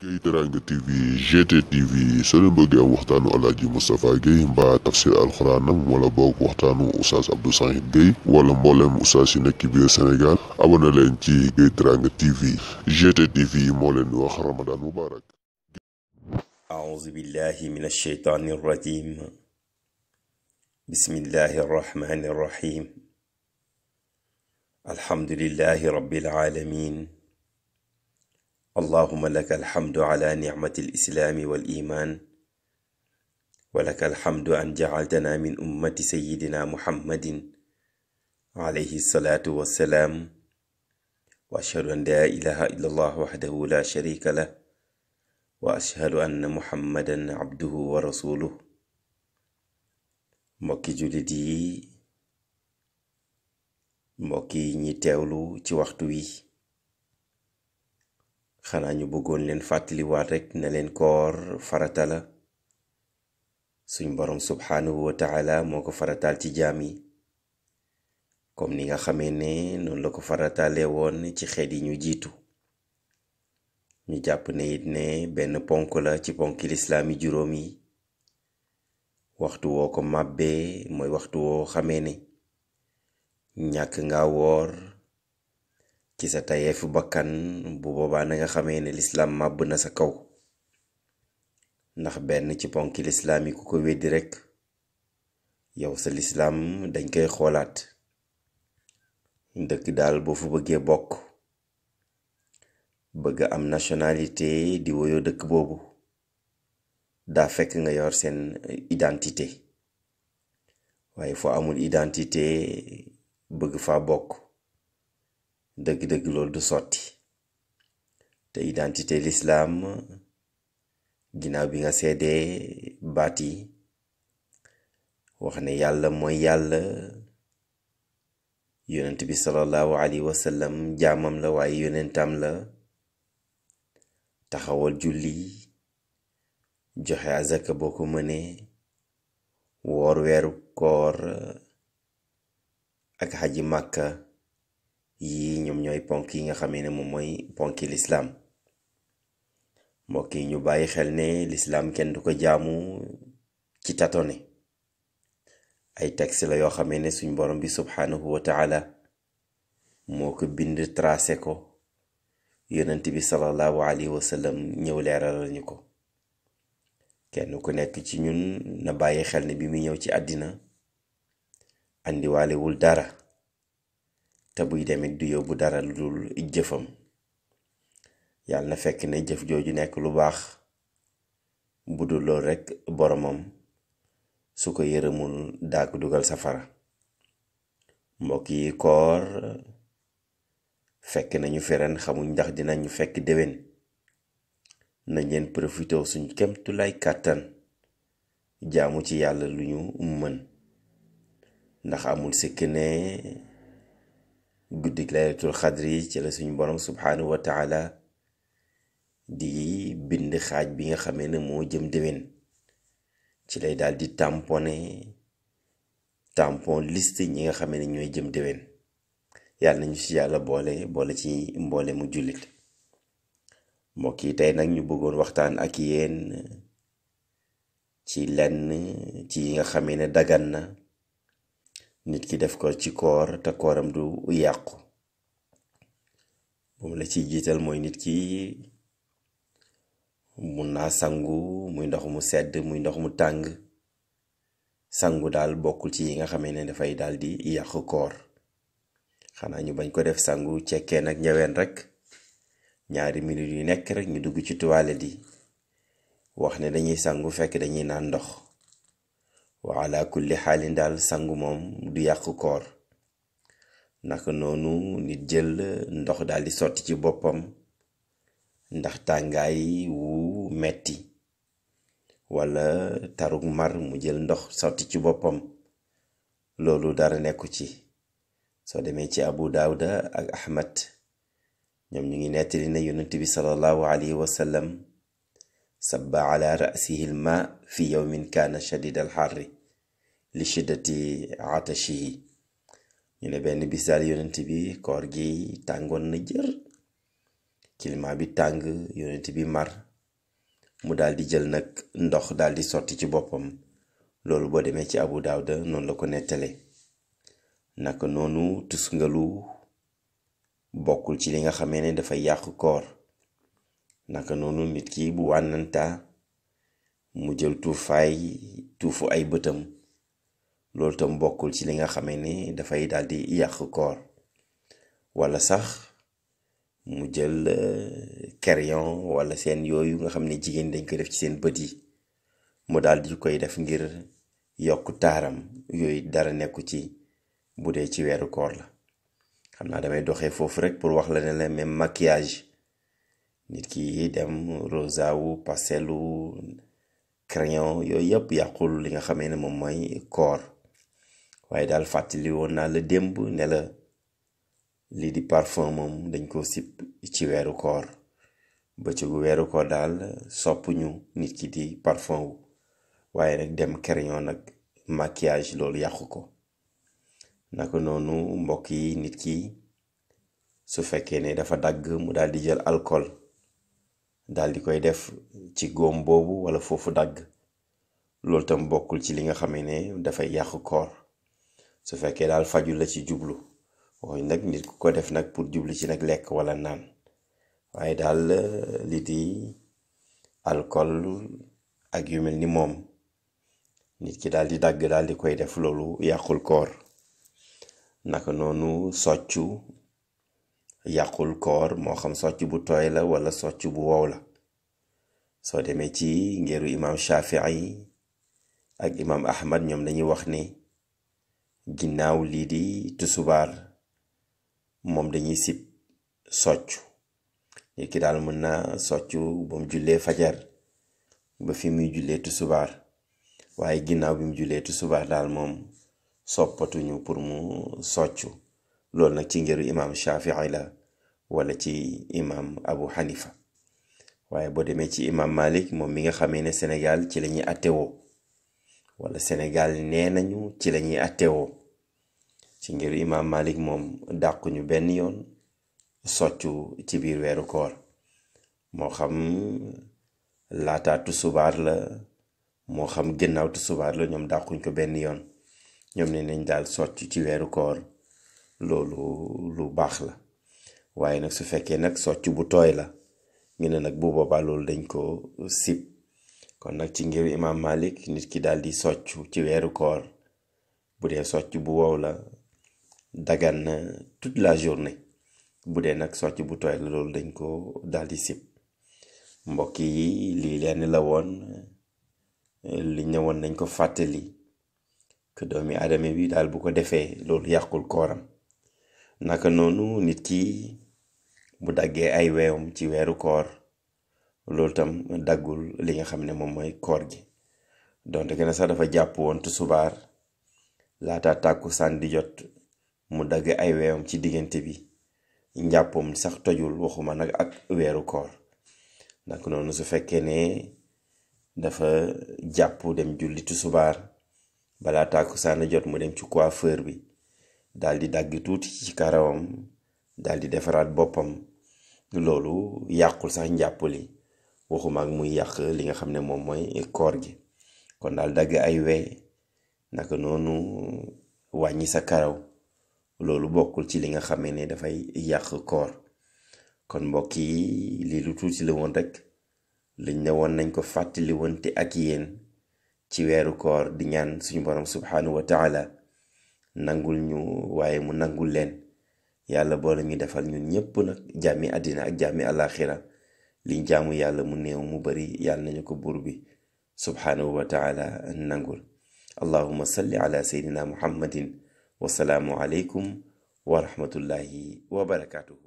Gueye Téranga TV GT TV soo leen bëggee am waxtaanu alaaji Moustapha Gueye mbaa tafsir alxuraanam wala boog waxtaanu oustaz Abdou Sahid Gueye wala mbooleem oustaz yi nekk biir Sénégal abonné leen ci TV GT TV moo leen ramadan mubarak aouzu billahi min allahuma laka alhamdu ala nicmati alislaami wal iman wa laka alhamdu an jacaltana min ummati sayidina muhammadin alayhi salaatu wassalaam wa ashhadu an laa ilaha illa allah waxdahu la sharika lah wa ashhadu anna muhammadan abduhu wa rasuluh mbokki jullit yi mbokki ñi teewlu ci waxtu wi xanaa ñu bëggoon leen fàttaliwaat rekk na leen koor faratala la suñ borom subhaanahu wa moo ko farataal ci jaam yi comme ni nga xamee ne noonu la ko farataale woon ci xeet yi ñu jiitu ñu jàpp ne it ne benn ponk la ci ponki lislaam yi juróom waxtu woo ko màbbee mooy waxtu woo xamee ne ñàkk nga woor ci sa tayeefu bakkan bu boobaa na nga xamee ne lislaam màbb na sa kaw ndax benn ci ponki lislaam yi ko weddi rekk yow sa lislaam dañ koy xoolaat dëkk daal boo fu bëggee bokk bëgg am nationalité di woyoo dëkk boobu daa fekk nga yor seen identité waaye foo amul identité bëgg faa bokk dëgg-dëgg loolu du sotti te identité lislaam ginnaaw bi nga seedee baat yi wax ne yàlla mooy yàlla yonent bi sallallahu alayhi wa sallam jaamam la waaye yonentam la taxawal julli joxe azaka boo ko mënee woor weeru koor ak xaji màkka yii ñoom ñooy ponk yi nga xamee ne moom mooy ponki lislaam mbokk yi ñu bàyyi xel ni lislaam kenn du ko jaamu ci tatone ay texte la yoo xamee ne suñ borom bi subhanahu wa taala moo ko bind tracé ko yonent bi sallallahu alayhi wa ñëw leeralal ñu ko kenn ku nekk ci ñun na bàyyi xel ne bi mu ñëw ci àddina andiwaalewul dara te buy demit du yóbbu dara lu dul jëfam yàlla na fekk ne jëf jooju nekk lu baax bu dul loolu rekk boromam su ko yërëmul daa ko dugal safara mbokk yi koor fekk nañu fi ren xamuñ ndax dinañu fekk déwén na leen profité suñ kemtu lay kàttan jaamu ci yàlla lu ñu mën ndax amul sikk guddik laylatul xadr yi ci la suñu borom subhanahu wa taala di bind xaaj bi nga xamee ne moo jëm déwén ci lay daal di tempone tempo list ñi nga xamee ne ñooy jëm déwén yàlla nañu ci yàlla boole boole ci mboole mu jullit mbokk yi tey nag ñu bëggoon waxtaan ak yeen ci lenn ci yi nga xamee ne dagan na nit ki def ko ci koor te kooram du yàqu moom la ci jiital mooy nit ki mun naa sangu muy ndox mu sedd muy ndox mu tàng sangu daal bokkul ci yi nga xamee ne dafay daal di yàq koor xanaa ñu bañ ko def sangu cekkee nag ñëween rek ñaari minute yu nekk rek ñu dugg ci toilette di wax ne dañuy sangu fekk dañuy naan ndox wa ala kulli xaalin daal sangu moom du yàq koor naka noonu nit jël ndox daal di sotti ci boppam ndax tàngaay wu metti wala tarug mar mu jël ndox sotti ci boppam loolu dara nekku ci soo demee ci abu daawuda ak ahmad ñoom ñu ngi nettali ne yonent bi sallallahu alayhi wa sallam sabba ala rasihi lma fi yowmin kaana shadid al xarri li shiddati atashi ñu ne benn bis daal yonent bi koor gi tàngoon na jër climat bi tàng yonent bi mar mu daal di jël nag ndox daal di sotti ci boppam loolu boo demee ci abu daawda noonu la ko nettale naka noonu tusngalu bokkul ci li nga xamee ne dafa yàq koor naka noonu nit ki bu wànnanta mu jël tuufaay tuufu ay bëtam loolu tam bokkul ci li nga xamee ni dafay daal di yàq koor wala sax mu jël euh, crayon wala seen yooyu nga xam ne jigéen dañ koy def ci seen bët yi mu daal di koy def ngir yokk taaram yooyu dara nekku ci bu dee ci weeru koor la xam naa damay doxee foofu rek pour wax la ne la même makiyage nit ki dem rosa wu pastel yooyu yëpp yàqul li nga xamee ne moom mooy koor waaye daal fàttali woon naa la démb ne la lii di parfum moom dañ koo sip ci weeru koor bëccëgu weeru koor daal sopp ñu nit ki di parfum wu waaye nag dem crayon nag maquillage loolu yàqu ko naka noonu mbokk yi nit ki su fekkee ne dafa dagg mu dal di jël alkool daal di koy def ci góom boobu wala foofu dagg loolu tam bokkul ci li nga xam ne dafay yàq koor su fekkee daal faju la ci jublu waxuñ nag nit ku ko def nag pour jublu ci nag lekk walla naan waaye daal euh, li di alcool ak yu mel ni moom nit ki daal di dagg daal di koy def loolu yàqul koor naka noonu soccu yàqul koor moo xam socc bu tooy la walla socc bu wow la soo demee ci ngeeru imaam Shafii ak imaam Ahmad ñoom dañuy wax ni ginnaaw lii di tusubaar moom dañuy si socc nit daal mën na socc ba jullee fajar ba fi muy jullee tusubaar waaye ginnaaw bi mu jullee tusubaar daal moom soppatuñu pour mu socc loolu nag ci ngiru imaam Shafii la walla ci imaam Abu Hanifa waaye boo demee ci imaam Malik moom mi nga xamee ne senegaal ci lañuy ñuy attewoo wala Sénégal nee nañu ci lañuy atewoo attewoo ci ngir imaam Malik moom dàquñu benn yoon soccu ci biir weeru koor moo xam laataatu subaar la moo xam gënnaaw subaar la ñoom dàquñ ko benn yoon ñoom ne nañ daal socc ci weeru koor loolu lu baax la waaye nag su fekkee nag socc bu tooy la ñu ne nag bu boobaa loolu dañ ko sib kon nag ci ngir imaam Malik nit ki daal di socc ci weeru koor bu dee socc bu wow la dagan na toute la journée bu dee nag socc bu tooy la loolu dañ ko daldi di sib mbokk yi lii leen la woon li ñëwoon nañ ko fàttali que doomi aadama bi daal bu ko defee loolu yàqul kooram naka noonu nit ki bu daggee ay weewam ci weeru koor loolu tam daggul li nga xam ne moom mooy koor gi donte gën sax dafa jàpp woon tusubaar laata tàkkusaan di jot mu dagg ay weewam ci diggante bi njàppam sax tojul waxuma nag ak weeru koor nag noonu su fekkee ne dafa jàpp dem julli tusubaar balaa tàkkusaan di jot mu dem ci coiffeur bi daal di dagg tuuti ci karawam dal di defaraat boppam loolu yàqul sax njàpp li waxuma ak muy yàq li nga xam ne moom mooy koor gi kon daal dagg ay we naka noonu wàññi sa karaw loolu bokkul ci li nga xame ne dafay yàq koor kon mbokk yi lii lu tuuti la woon rek liñ ne woon nañ ko fàttali wante ak yéen ci weeru koor di ñaan suñu borom subhaanahu wa nangul ñu waaye mu nangul leen yàlla boole ñu defal ñun ñëpp nag jàmmi àddina ak jàmmi àllaaxira liñ jaamu yàlla mu néew mu bari yàlla nañu ko buur bi subhaanahu wa taala nangul allahuma salli ala seydina muhammadin wasalaamu aleykum wa rahmatullahi wa barakaatu.